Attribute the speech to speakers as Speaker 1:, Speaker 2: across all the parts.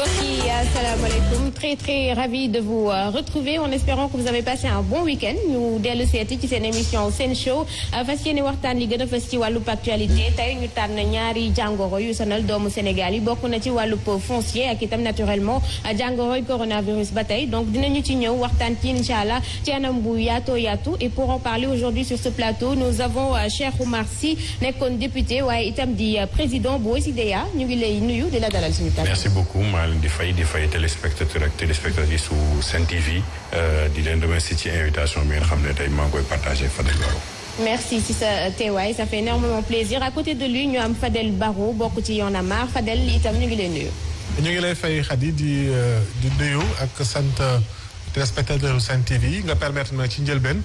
Speaker 1: mbokk yi asalaamaaleykum très très ravi de vous euh, retrouver en espérant que vous avez passé un bon week-end ñu dellu seeti ci seen émission seen show euh, fas yéene waxtaan li gën a fës ci wàllub actualité tey ñu tànn ñaari jàngoro yu sonal doomu Sénégal yi bokk na ci wàllub foncier ak itam naturellement euh, jàngoro yi coronavirus ba tey donc dinañu ci ñëw waxtaan ci incha allah ci anam bu yaatoo yaatu et pour en parler aujourd'hui sur ce plateau nous avons Cheikh Oumar Sy waaye itam di président bu OSIDEA ñu ngi lay nuyu di la dalal suñu plateau. merci
Speaker 2: beaucoup leen di fay di fay téléspectateur ak téléspectatrice su Sen TV euh, di leen remercier ci invitation bi nga xam ne tey maa ngi koy partagé Fadel Barro
Speaker 1: merci euh, bokk ci Y'en a marre Fadel itam ñu ngi lay
Speaker 2: ñu ngi lay fay Khady di euh, di nuyu ak sant téléspectateur Sen TV nga permettre na ci njëlbeen.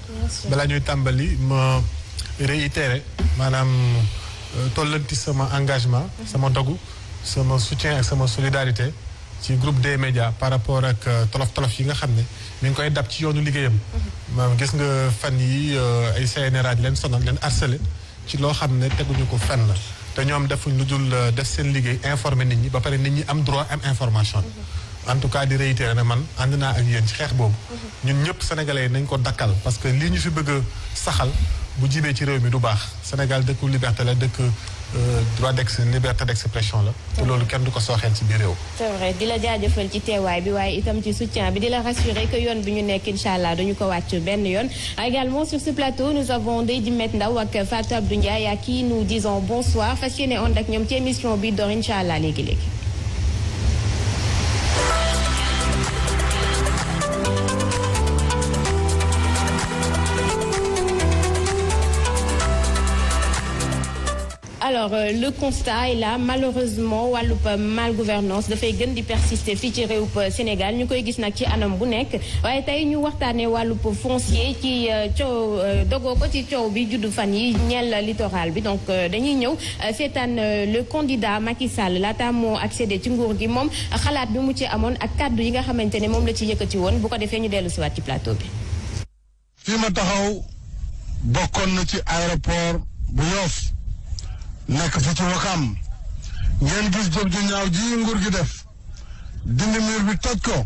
Speaker 2: balaa ñuy tàmbali ma réitéré maanaam tollanti sama engagement mhm. sama dogu sama soutien ak sama solidarité. ci groupe des médias par rapport ak euh, tolof tolof yi nga xam ne mi ngi koy dab ci yoonu liggéeyam. maam mhm. gis nga fan yi euh, ay CNRA leen sonal leen harcelé ci loo xam ne teguñu ko fenn te ñoom defuñ lu jul euh, def seen liggéey informer nit ñi ba pare nit ñi am droit am information mhm. en tout cas di réitéré ne man ànd naa ak yéen ci xeex boobu. Mhm. ñun ñëpp sénégalais yi nañ ko dakkal parce que lii ñu fi bëgg saxal bu jibee ci réew mi du baax Sénégal dëkku liberté la dëkk. Euh, droit d'ex liberté d'expression la te loolu kenn du ko sooxeel ci biir réew
Speaker 1: c'est di la jaajëfal ci teewaay bi waaye itam ci soutien bi di la rassurer que yoon bi ñu nekk incha allah dañu ko wàcc benn yoon également sur ce plateau nous avons Ndeye Dimet Ndaw ak Fatou Abdou Ndiaye à qui nous disons bonsoir fas yéene ànd ak ñoom ci émission bi door incha allah léegi-léegi alors euh, le constat est là malheureusement wàllub euh, malgouvernance dafay gën di persister fii ci réewub euh, Sénégal ñu koy gis nag ci anam bu nekk waaye tey ñu waxtaanee wàllub foncier ci coow dogoo ko ci coow bi juddu fan yi ñeel littoral bi donc dañuy ñëw seetaan le candidat Macky Sall laata ak accédé ci nguur gi moom xalaat bi mu ci amoon ak kàddu yi nga xamante ne moom la ci yëkkati woon bu ko defee ñu dellu siwaat ci plateau bi.
Speaker 2: fi ma taxaw nekk fi ci Wakaam ngeen gis jëf ju ñaaw ji nguur gi def dindi miir bi toj ko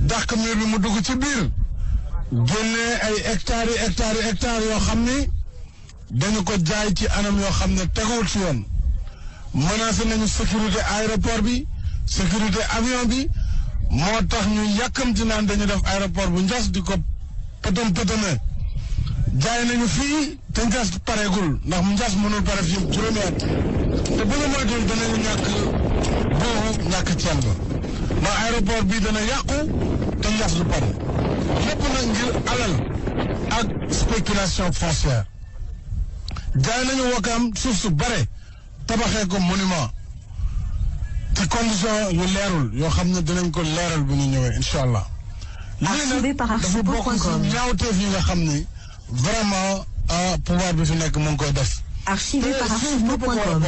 Speaker 2: dàq miir bi mu dugg ci biir génne ay hectares yi hectares yoo xam ni dañu ko jaay ci anam yoo xam ne teguwul ci yoon menacé nañu sécurité aéroport bi sécurité avion bi moo tax ñu yàkkamti naan dañu def aéroport bu njas di ko pëtam pëtame jaay nañu fii te njaas pareegul ndax njaas mënul pare fii juróomi at te bu ñu moytuwul danañu ñàkk boobu ñàkk ceeb ba ndax aéroport bii dana yàqu te njaas du pare lépp ngir alal ak spéculation foncière jaay nañu wakkaam suuf su bare tabaxee ko monument te condition yu leerul yoo xam ne dinañ ko leeral bu ñu ñëwee incha allah
Speaker 1: lii nag dafa bokk ci
Speaker 2: ñaawteef yi nga xam ni vraiment euh, pouvoir bi fi nekk mu ngi koy def. archivé par archive.com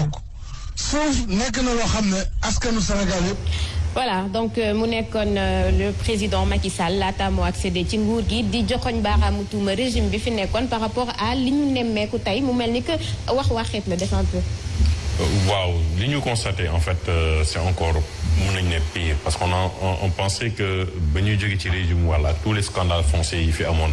Speaker 2: suuf nekk na loo xam ne askanu Sénégal yëpp.
Speaker 1: voilà donc euh, mu nekkoon euh, le président Macky Sall laata moo accédé ci nguur gi di joxoñ baaraamu tuuma régime bi fi nekkoon par rapport à li ñu nemmeeku tey mu mel ni que wax waxeet la def un peu.
Speaker 2: waaw li ñu constaté en fait euh, c'est encore mun nañu ne pire parce que a on, on pensait ba ñuy jóge ci régime wala tous les scandales fonciers yi fi amoon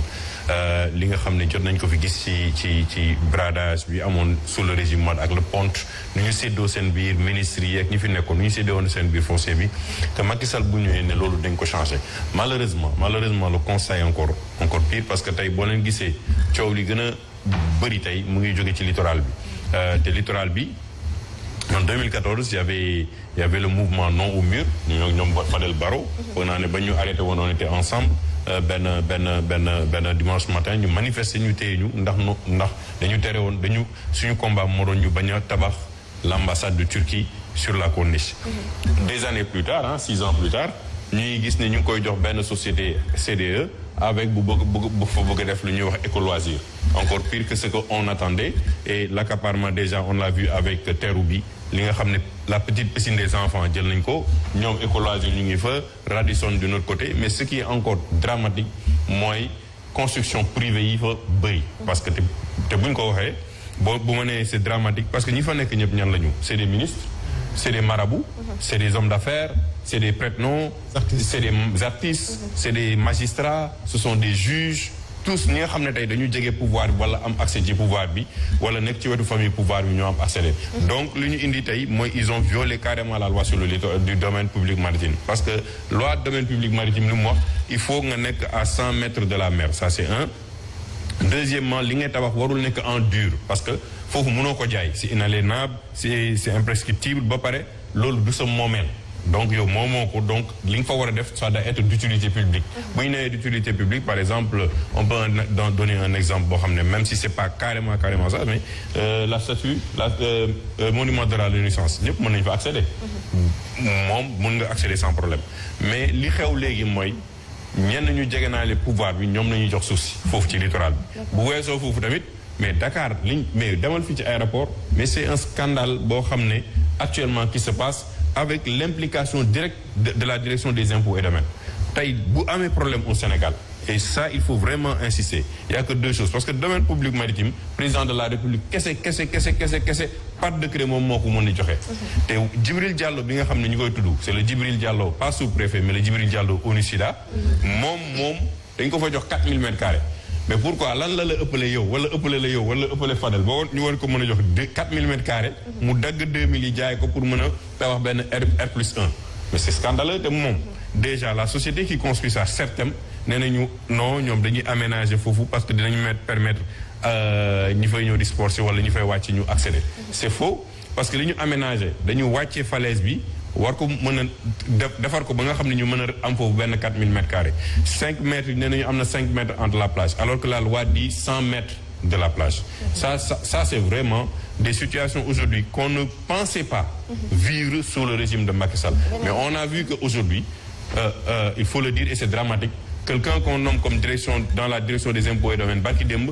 Speaker 2: euh, li nga xam ne jot nañ ko fi gis ci ci ci bradage bi amoon sous le régime Wade ak le ponte nu ñu séddoo seen biir ministres yi ak ñi fi nekkoon nu ñu séddoo woon seen biir foncé bi te Macky bu ñëwee ne loolu dañ ko changé malheureusement malheureusement le constat est encore encore pire parce que tey boo leen gisee coow li gën a bëri tey mu ngi jóge ci littoral bi euh, te littoral bi en 2014 y avait y avait le mouvement non au mur ñoo ñoom Fadel Barro foog naa ne ba ñu arrêté woon on était ensemble euh, benn benn benn benn dimanche matin ñu manifester ñu téye ñu ndax no ndax dañu tere woon dañu suñu combat moo ñu bañ a tabax l'ambassade de Turquie sur la corniche
Speaker 1: mhm.
Speaker 2: des années plus tard ah six ans plus tard ñuy gis ne ñu ngi koy jox benn société CDE avec bu bëgg bu fa bëgg def lu ñuy wax écoloisir encore pire que ce qu'on attendait et l'accaparement déjà on l'a vu avec Terrou-Bi li nga xam ne la petite piscine des enfants jël nañ ko ñoom écologie ñu ngi fa Radisson de notre côté mais ce qui est encore dramatique mooy construction privée yi fa bëri parce que te bu ñu ko waxee boo bu ma nee c'est dramatique parce que ñi fa nekk ñëpp ñan lañu ñu c'est des ministres c'est des marabouts c'est des hommes d'affaires c'est des prête-noms c'est des artistes c'est des des juges tous ñi nga xam ne tey dañu jege pouvoir bi wala am accès ci pouvoir bi wala nekk ci wetu famille pouvoir bi ñoo am accès donc li ñu indi tey mooy ils ont violé carrément la loi sur le littoral du domaine public maritime parce que loi domaine public maritime li mu wax il faut nga nekk à 100 mètres de la mer ça c'est un deuxièmement li ngay tabax warul nekk en dure parce que foofu mënoo ko jaay c'est inaliénable c'est c'est imprescriptible ba pare loolu du sa moomeel donc yow moom moo ko donc li nga fa war a def ça doit être d'utilité publique mhm. bu ñu nee d'utilité publique par exemple on peut en donner un exemple boo xam ne même si c'est pas carrément carrément ça mais euh, la statue la euh, euh monument de la Renaissance ñëpp mën nañu fa accéder mhm. moom mën nga accéder sans problème mais li xew léegi mooy ñenn ñu jege naa le pouvoir bi ñoom la ñuy jox suuf si foofu ci littoral bi bu soo foofu tamit mais Dakar liñ mais demal fii ci aéroport mais c'est un scandale boo xam ne actuellement qui se passe avec l'implication directe de, de, la direction des impôts et domaines tey bu amee problème au Sénégal et ça il faut vraiment insister il y a que deux choses parce que domaine public maritime président de la République kese kese kese kese kese par décret moom moo ko mën di joxe. te Djibril jàllo bi nga xam ne ñu koy tudd c'est le Djibril Diallo pas sous-préfet mais le Djibril Diallo ONUSIDA moom moom dañ ko fa jox 4000 mètres carrés mais pourquoi lan la la ëppale yow wala ëppale la yow wala ëppale Fadel boo ñu war ko mën a jox deux quatre millimètres mu dagg deux mille yi jaay ko pour mën a tabax benn R R plus un mais c'est scandaleux te moom déjà la société qui construit ça certain nee nañu non ñoom dañuy aménager foofu parce que dinañu mettre permettre euh, ñi fay ñëw di sport si wala ñu fay wàcc ñu accéder c'est faux parce que li ñu aménager dañu wàccee falaise bi war ko mën a defar ko ba nga xam ne ñu mën a am foofu benn 4000 mètres carrés 5 mètres nee nañu am na 5 mètres entre la plage alors que la loi dit mètres de la plage. ça ça ça c'est vraiment des situations aujourd'hui qu'on ne pensait pas vivre sous le régime de Macky Sall. mais on a vu que aujourd'hui euh, euh, il faut le dire et c'est dramatique quelqu'un qu'on comme direction dans la direction des impôts Barki Demb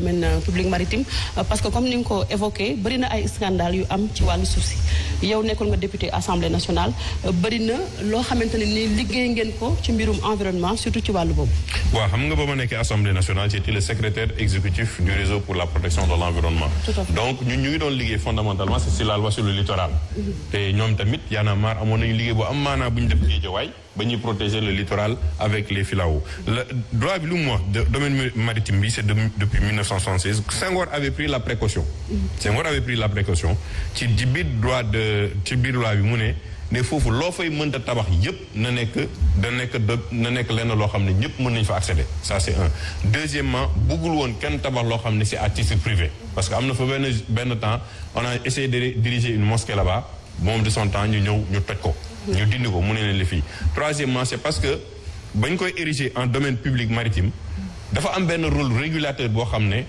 Speaker 1: domaine euh, public maritime euh, parce que comme ni nga ko évoqué bëri ay scandale yu am ci wàllu suuf si yow nekkoon nga député assemblée nationale euh, bëri loo xamante ni liggéey ngeen ko ci mbirum environnement surtout ci wàllu boobu
Speaker 2: waaw xam nga ba ma nekkee assemblée nationale j'étais le secrétaire exécutif du réseau pour la protection de l'environnement donc ñu ngi doon liggéey fondamentalement c'est si la sur le littoral mm-hmm. te ñoom tamit yaana am ba ñuy protéger le littoral avec les filao le droit bi lu mu wax domaine maritime bi c'est depuis 1976 Senghor avait pris la précaution Senghor avait pris la précaution ci ci biir droit de ci biir loi bi mu ne ne foofu loo fay mënta tabax yépp na nekk da nekk da na nekk lenn loo xam ne ñépp mën nañu fa accéder ça c'est un deuxièmement buggul woon kenn tabax loo xam ne si à titre privé parce que am na fa benn benn temps on a essayé de diriger une mosquée là moom de son temps ñu ñëw ñu toj ko ñu dindi ko mu ne leen li fii c'est parce que bañ koy ériger en domaine public maritime dafa am benn rôle régulateur boo xam ne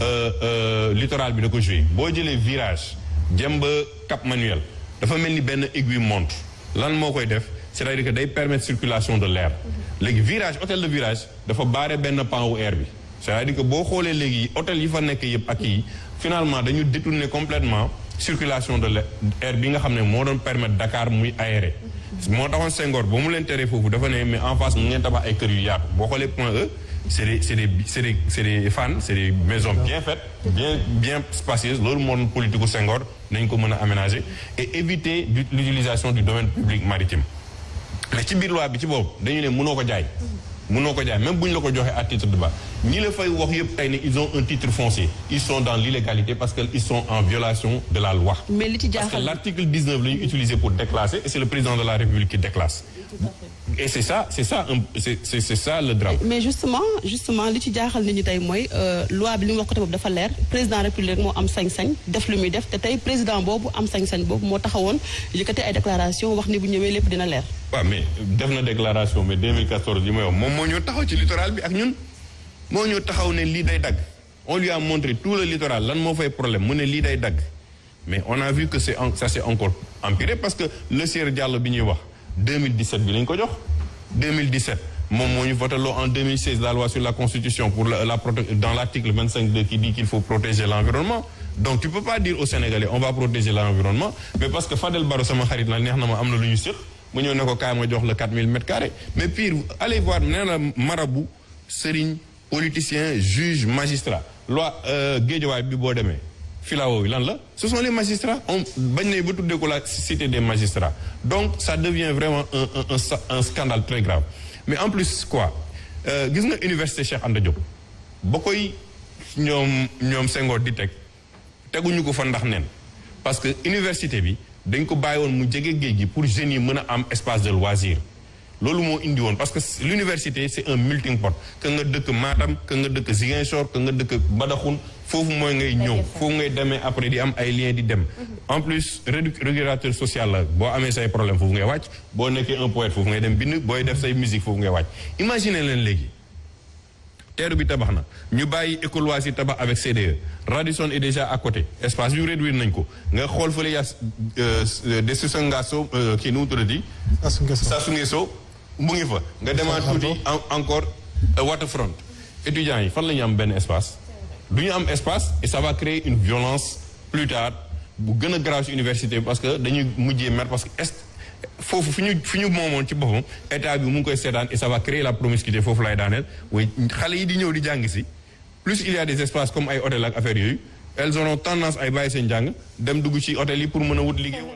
Speaker 2: euh, euh, littoral bi da ko joué boo jëlee virage jëm ba Cap Manuel dafa mel ni benn aiguille montre lan moo koy def c'est-à-dire que day permettre circulation de l'air léegi virage hôtel de virage dafa baare benn pan wu air bi c'est-à-dire que boo xoolee léegi hôtel yi fa nekk yëpp ak yi finalement dañu détourner complètement circulation de l'air bi nga xam ne moo doon permettre dakaar muy aéré moo taxoon sengoor ba mu leen teree foofu dafa ne mais en face mu ngeen tabax ay kër yu xoolee point E c'est des c'est des c'est des c'est des fans c'est bien faites bien bien spacieuses loolu moo doon politique sengoor nañ ko mën a aménager et éviter l'utilisation du domaine public maritime mais ci biir loi bi ci boobu dañu leen mënoo ko jaay mënoo ko jaay même bu ñu la ko joxee à titre de bas ñi la fay wax yëpp tey ne ils ont un titre foncier ils sont dans l'illégalité parce que ils sont en violation de la loi.
Speaker 1: mais li ci jaaxal parce
Speaker 2: que l'article 19 la ñu utiliser pour déclasser et c'est le li ci
Speaker 1: jaaxal nit ñi tey mooy euh, loi bi li mu wax côté boobu dafa leer président république moo am sañ-sañ def lu muy def te tey président boobu am sañ-sañ boobu moo taxawoon yëkkati ay déclaration wax ni bu ñëwee lépp dina leer.
Speaker 2: waaw mais def na déclaration mais 2014 li may wax moom moo ñëw taxaw ci littoral bi ak ñun moo ñëw taxaw ne lii day dagg on lui a montré tout le littoral lan moo fay problème mu ne lii day dagg mais on a vu que c'est ça s'est encore parce que le sieur Diallo bi ñuy wax 2017 bi lañ ko jox moom moo ñu votaloo en 2016 la loi sur la constitution pour la, la dans l'article 25 2 qui dit faut protéger l'environnement donc tu peux pas dire aux Sénégalais on va protéger mu ñëw ne ko kaay ma jox la 4000 mètres carrés mais pire allez voir nee na marabu sëriñ politicien juge magistrat loi euh, géejawaay bi boo demee filao yi lan la su sont les magistrats on bañ nañ ba tuddee ko laa cité des magistrats donc ça devient vraiment un un un scandale très mais en plus quoi euh, gis nga université Cheikh Anta Diop ba koy ñoom ñoom Senghor di teg teguñu ko fa ndax neen parce que université bi dañ ko bàyyi woon mu jege géej gi pour jeunes yi mën a am espace de loisir loolu moo indi woon parce que l'université c'est un melting pot que nga dëkk Matam que nga dëkk Ziguinchor que nga dëkk Badakhun foofu mooy ngay ñëw foofu ngay demee après di am ay lien di dem mhm. en plus régulateur social la boo amee say problème foofu ngay wàcc boo nekkee un poète foofu ngay dem bind booy def say musique foofu ngay wàcc imagine leen léegi teeru bi tabax na ñu bàyyi école waa si tabax avec CDE Radisson est déjà à côté espace yu réduire nañ ko nga xool fële yas euh, Desusa Ngaso euh, kii nu mu tuddati. Sassou Nguesso mu ngi fa nga demaat tuuti encore euh, waterfront étudiants yi fan la ñu am benn espace du ñu am espace et ça va créer une violence plus tard bu gën a grave université parce que dañuy mujjee mer parce que est foofu fi ñu fi ñu moomoon ci boppam état bi mu ngi koy seetaan et ça la promiscuité foofu lay daaneel mooy xale yi di ñëw di jàng si plus il y des espaces comme ay hôtel ak affaire yooyu elles tendance ay bàyyi seen jàng dem dugg ci hôtel yi pour mën a wut liggéey